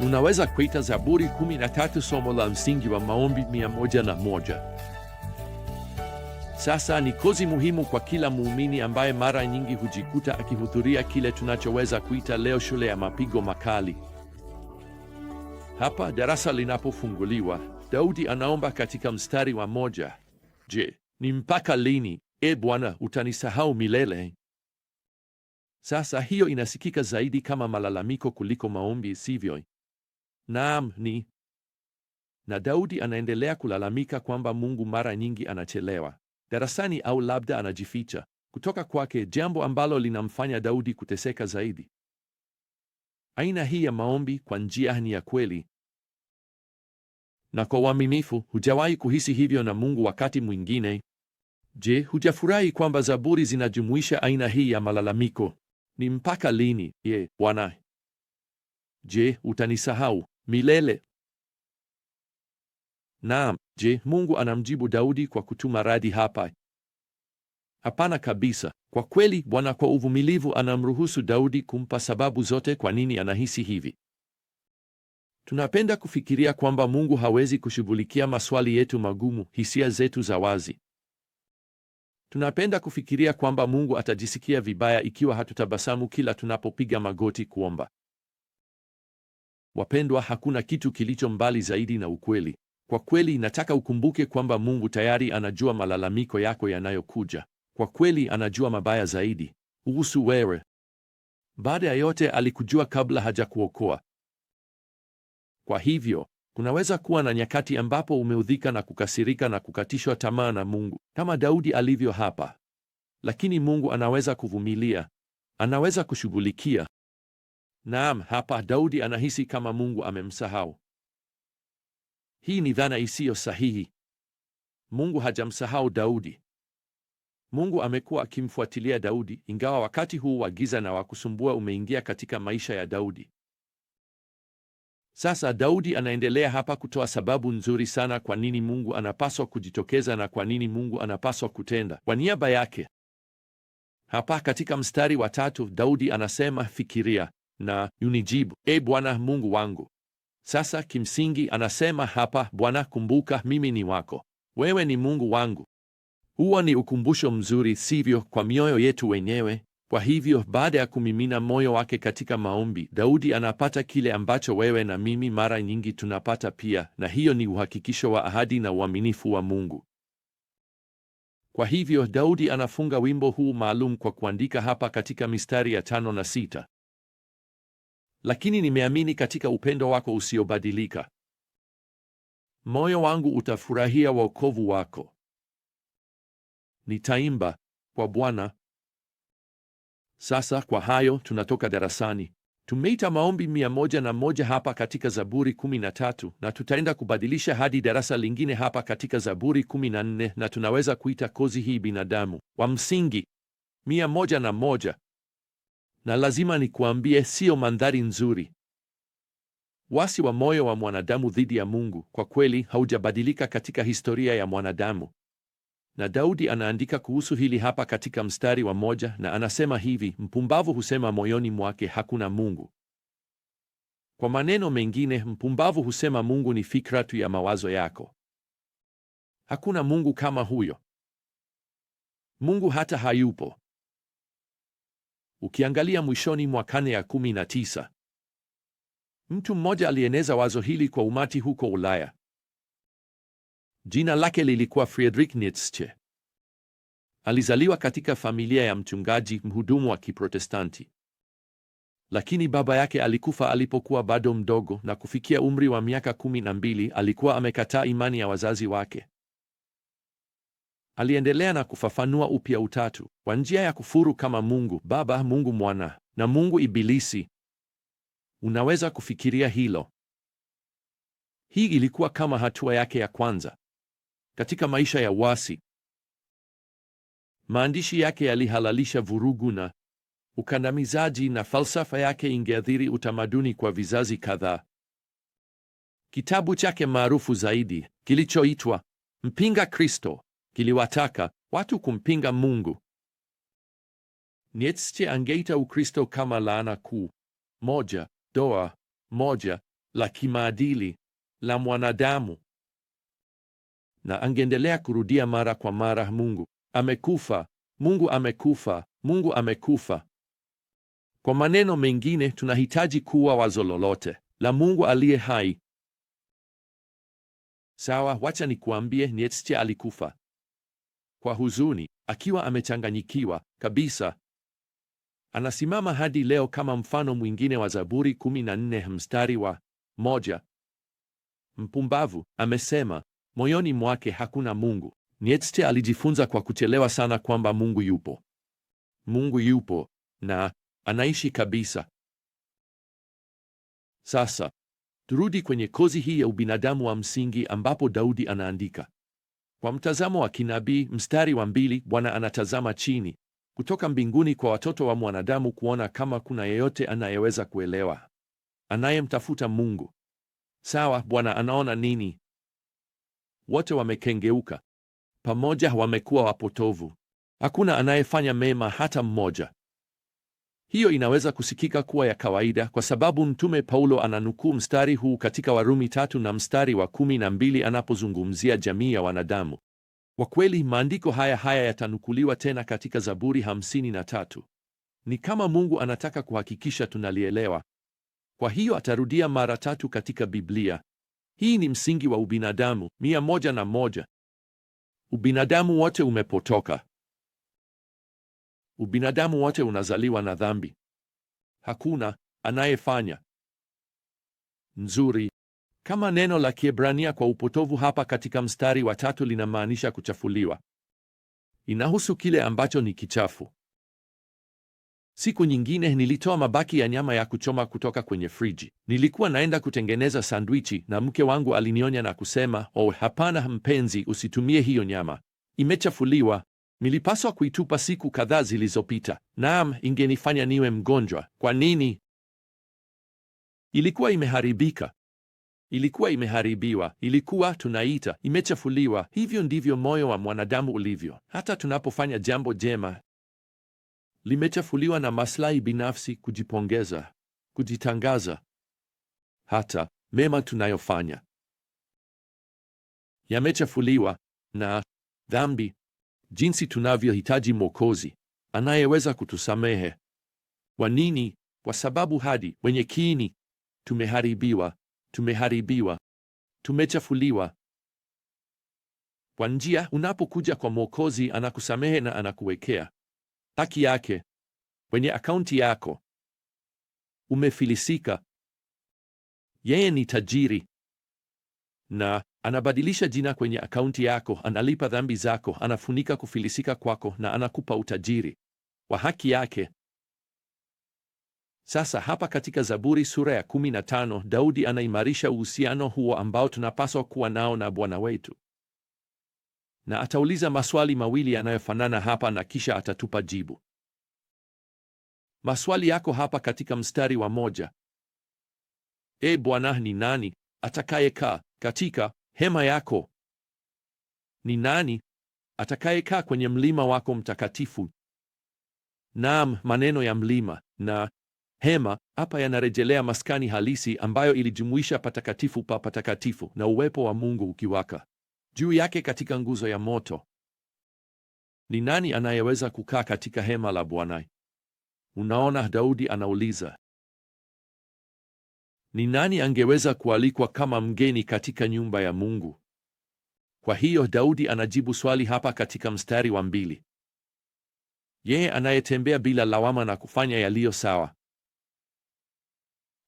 Unaweza kuita Zaburi 13 somo la msingi wa maombi mia moja na moja. Sasa ni kozi muhimu kwa kila muumini ambaye mara nyingi hujikuta akihudhuria kile tunachoweza kuita leo shule ya mapigo makali. Hapa darasa linapofunguliwa, Daudi anaomba katika mstari wa moja, Je, ni mpaka lini, e Bwana, utanisahau milele? Sasa hiyo inasikika zaidi kama malalamiko kuliko maombi, sivyo? Naam, ni na Daudi anaendelea kulalamika kwamba Mungu mara nyingi anachelewa darasani au labda anajificha kutoka kwake, jambo ambalo linamfanya Daudi kuteseka zaidi. Aina hii ya maombi kwa njia ni ya kweli na kwa uaminifu. Hujawahi kuhisi hivyo na Mungu wakati mwingine? Je, hujafurahi kwamba Zaburi zinajumuisha aina hii ya malalamiko? Ni mpaka lini, ye Bwana? Je, utanisahau? milele. Naam, je, Mungu anamjibu Daudi kwa kutuma radi hapa? Hapana kabisa. Kwa kweli, Bwana kwa uvumilivu anamruhusu Daudi kumpa sababu zote kwa nini anahisi hivi. Tunapenda kufikiria kwamba Mungu hawezi kushughulikia maswali yetu magumu, hisia zetu za wazi. Tunapenda kufikiria kwamba Mungu atajisikia vibaya ikiwa hatutabasamu kila tunapopiga magoti kuomba. Wapendwa, hakuna kitu kilicho mbali zaidi na ukweli. Kwa kweli, nataka ukumbuke kwamba Mungu tayari anajua malalamiko yako yanayokuja. Kwa kweli, anajua mabaya zaidi kuhusu wewe. Baada ya yote, alikujua kabla hajakuokoa. Kwa hivyo kunaweza kuwa na nyakati ambapo umeudhika na kukasirika na kukatishwa tamaa na Mungu kama Daudi alivyo hapa, lakini Mungu anaweza kuvumilia, anaweza kushughulikia Naam, hapa Daudi anahisi kama Mungu amemsahau. Hii ni dhana isiyo sahihi. Mungu hajamsahau Daudi. Mungu amekuwa akimfuatilia Daudi, ingawa wakati huu wa giza na wa kusumbua umeingia katika maisha ya Daudi. Sasa Daudi anaendelea hapa kutoa sababu nzuri sana kwa nini Mungu anapaswa kujitokeza na kwa nini Mungu anapaswa kutenda kwa niaba yake. Hapa katika mstari wa tatu Daudi anasema, fikiria na unijibu, E Bwana Mungu wangu. Sasa kimsingi anasema hapa, Bwana, kumbuka mimi ni wako, wewe ni Mungu wangu. Huo ni ukumbusho mzuri, sivyo, kwa mioyo yetu wenyewe. Kwa hivyo baada ya kumimina moyo wake katika maombi, Daudi anapata kile ambacho wewe na mimi mara nyingi tunapata pia, na hiyo ni uhakikisho wa ahadi na uaminifu wa Mungu. Kwa hivyo Daudi anafunga wimbo huu maalum kwa kuandika hapa katika mistari ya tano na sita, lakini nimeamini katika upendo wako usiobadilika. Moyo wangu utafurahia wokovu wako. Nitaimba kwa Bwana. Sasa kwa hayo tunatoka darasani. Tumeita maombi mia moja na moja hapa katika Zaburi 13 na tutaenda kubadilisha hadi darasa lingine hapa katika Zaburi 14 na tunaweza kuita kozi hii binadamu wa msingi mia moja na moja na lazima nikuambie, siyo mandhari nzuri. Wasi wa moyo wa mwanadamu dhidi ya Mungu kwa kweli haujabadilika katika historia ya mwanadamu, na Daudi anaandika kuhusu hili hapa katika mstari wa moja, na anasema hivi: mpumbavu husema moyoni mwake hakuna Mungu. Kwa maneno mengine, mpumbavu husema Mungu ni fikra tu ya mawazo yako. Hakuna Mungu kama huyo. Mungu hata hayupo. Ukiangalia mwishoni mwa karne ya tisa, mtu mmoja alieneza wazo hili kwa umati huko Ulaya. Jina lake lilikuwa Friedrich Nietzsche. Alizaliwa katika familia ya mchungaji mhudumu wa Kiprotestanti, lakini baba yake alikufa alipokuwa bado mdogo, na kufikia umri wa miaka kumi na mbili alikuwa amekataa imani ya wazazi wake aliendelea na kufafanua upya utatu kwa njia ya kufuru kama Mungu Baba, Mungu Mwana na Mungu Ibilisi. Unaweza kufikiria hilo? Hii ilikuwa kama hatua yake ya kwanza katika maisha ya wasi. Maandishi yake yalihalalisha vurugu na ukandamizaji, na falsafa yake ingeathiri utamaduni kwa vizazi kadhaa. Kitabu chake maarufu zaidi kilichoitwa Mpinga Kristo kiliwataka watu kumpinga Mungu. Nietzsche angeita Ukristo kama laana kuu moja, doa moja la kimaadili la mwanadamu, na angeendelea kurudia mara kwa mara, Mungu amekufa, Mungu amekufa, Mungu amekufa. Kwa maneno mengine, tunahitaji kuwa wazo lolote la Mungu aliye hai. Sawa, wacha nikuambie, Nietzsche alikufa kwa huzuni, akiwa amechanganyikiwa kabisa. Anasimama hadi leo kama mfano mwingine wa Zaburi 14 mstari wa moja. Mpumbavu amesema moyoni mwake hakuna Mungu. Nietzsche alijifunza kwa kuchelewa sana kwamba Mungu yupo. Mungu yupo na anaishi kabisa. Sasa turudi kwenye kozi hii ya ubinadamu wa msingi ambapo Daudi anaandika kwa mtazamo wa kinabii, mstari wa mbili, Bwana anatazama chini kutoka mbinguni kwa watoto wa mwanadamu kuona kama kuna yeyote anayeweza kuelewa, anayemtafuta Mungu. Sawa, Bwana anaona nini? Wote wamekengeuka, pamoja wamekuwa wapotovu, hakuna anayefanya mema hata mmoja. Hiyo inaweza kusikika kuwa ya kawaida kwa sababu Mtume Paulo ananukuu mstari huu katika Warumi tatu na mstari wa kumi na mbili anapozungumzia jamii ya wanadamu. Kwa kweli maandiko haya haya yatanukuliwa tena katika Zaburi hamsini na tatu. Ni kama Mungu anataka kuhakikisha tunalielewa. Kwa hiyo atarudia mara tatu katika Biblia. Hii ni msingi wa ubinadamu mia moja na moja. Ubinadamu wote umepotoka. Ubinadamu wote unazaliwa na dhambi, hakuna anayefanya nzuri. Kama neno la Kiebrania kwa upotovu hapa katika mstari wa tatu linamaanisha kuchafuliwa, inahusu kile ambacho ni kichafu. Siku nyingine nilitoa mabaki ya nyama ya kuchoma kutoka kwenye friji. Nilikuwa naenda kutengeneza sandwichi na mke wangu alinionya na kusema, oh, hapana mpenzi, usitumie hiyo nyama, imechafuliwa. Nilipaswa kuitupa siku kadhaa zilizopita. Naam, ingenifanya niwe mgonjwa. Kwa nini? Ilikuwa imeharibika, ilikuwa imeharibiwa, ilikuwa tunaita imechafuliwa. Hivyo ndivyo moyo wa mwanadamu ulivyo. Hata tunapofanya jambo jema, limechafuliwa na maslahi binafsi, kujipongeza, kujitangaza. Hata mema tunayofanya yamechafuliwa na dhambi jinsi tunavyohitaji Mwokozi anayeweza kutusamehe. Kwa nini? Kwa sababu hadi wenye kiini tumeharibiwa, tumeharibiwa, tumechafuliwa kwa njia. Unapokuja kwa Mwokozi, anakusamehe na anakuwekea haki yake kwenye akaunti yako. Umefilisika. Yeye ni tajiri na Anabadilisha jina kwenye akaunti yako, analipa dhambi zako, anafunika kufilisika kwako na anakupa utajiri wa haki yake. Sasa hapa katika Zaburi sura ya 15, Daudi anaimarisha uhusiano huo ambao tunapaswa kuwa nao na Bwana wetu, na atauliza maswali mawili yanayofanana hapa na kisha atatupa jibu. Maswali yako hapa katika mstari wa moja: E Bwana, ni nani atakayekaa katika hema yako? Ni nani atakayekaa kwenye mlima wako mtakatifu? Naam, maneno ya mlima na hema hapa yanarejelea maskani halisi ambayo ilijumuisha patakatifu pa patakatifu na uwepo wa Mungu ukiwaka juu yake katika nguzo ya moto. Ni nani anayeweza kukaa katika hema la Bwana? Unaona, Daudi anauliza ni nani angeweza kualikwa kama mgeni katika nyumba ya Mungu? Kwa hiyo Daudi anajibu swali hapa katika mstari wa mbili, yeye anayetembea bila lawama na kufanya yaliyo sawa.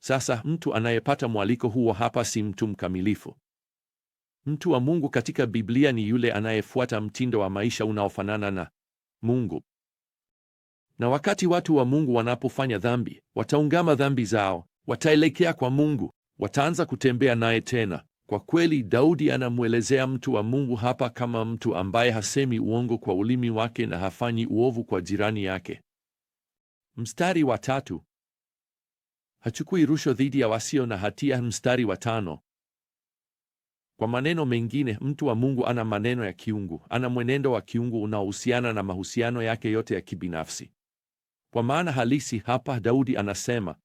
Sasa mtu anayepata mwaliko huo hapa si mtu mkamilifu. Mtu wa Mungu katika Biblia ni yule anayefuata mtindo wa maisha unaofanana na Mungu. Na wakati watu wa Mungu wanapofanya dhambi, wataungama dhambi zao wataelekea kwa Mungu, wataanza kutembea naye tena. Kwa kweli, Daudi anamwelezea mtu wa Mungu hapa kama mtu ambaye hasemi uongo kwa ulimi wake na hafanyi uovu kwa jirani yake. Mstari wa tatu, hachukui rusho dhidi ya wasio na hatia. Mstari wa tano. Kwa maneno mengine, mtu wa Mungu ana maneno ya kiungu, ana mwenendo wa kiungu unaohusiana na mahusiano yake yote ya kibinafsi. Kwa maana halisi hapa Daudi anasema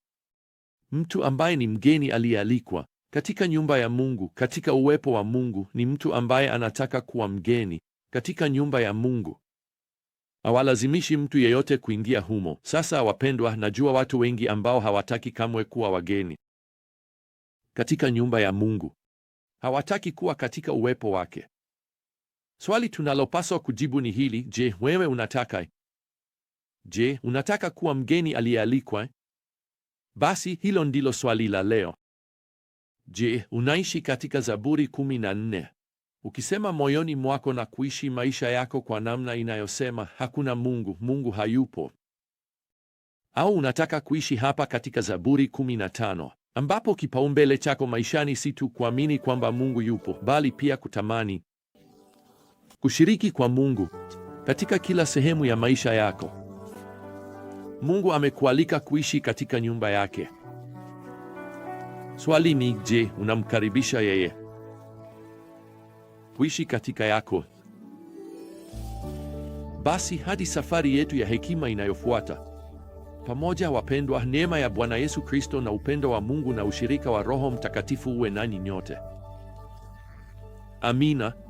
Mtu ambaye ni mgeni aliyealikwa katika nyumba ya Mungu, katika uwepo wa Mungu, ni mtu ambaye anataka kuwa mgeni katika nyumba ya Mungu. Hawalazimishi mtu yeyote kuingia humo. Sasa wapendwa, najua watu wengi ambao hawataki kamwe kuwa wageni katika nyumba ya Mungu, hawataki kuwa katika uwepo wake. Swali tunalopaswa kujibu ni hili: je, wewe unataka? Je, unataka kuwa mgeni aliyealikwa basi hilo ndilo swali la leo. Je, unaishi katika Zaburi 14? Ukisema moyoni mwako na kuishi maisha yako kwa namna inayosema hakuna Mungu, Mungu hayupo? Au unataka kuishi hapa katika Zaburi 15 ambapo kipaumbele chako maishani si tu kuamini kwamba Mungu yupo, bali pia kutamani kushiriki kwa Mungu katika kila sehemu ya maisha yako? Mungu amekualika kuishi katika nyumba yake. Swali ni je, unamkaribisha yeye kuishi katika yako? Basi hadi safari yetu ya hekima inayofuata pamoja, wapendwa, neema ya Bwana Yesu Kristo na upendo wa Mungu na ushirika wa Roho Mtakatifu uwe nanyi nyote. Amina.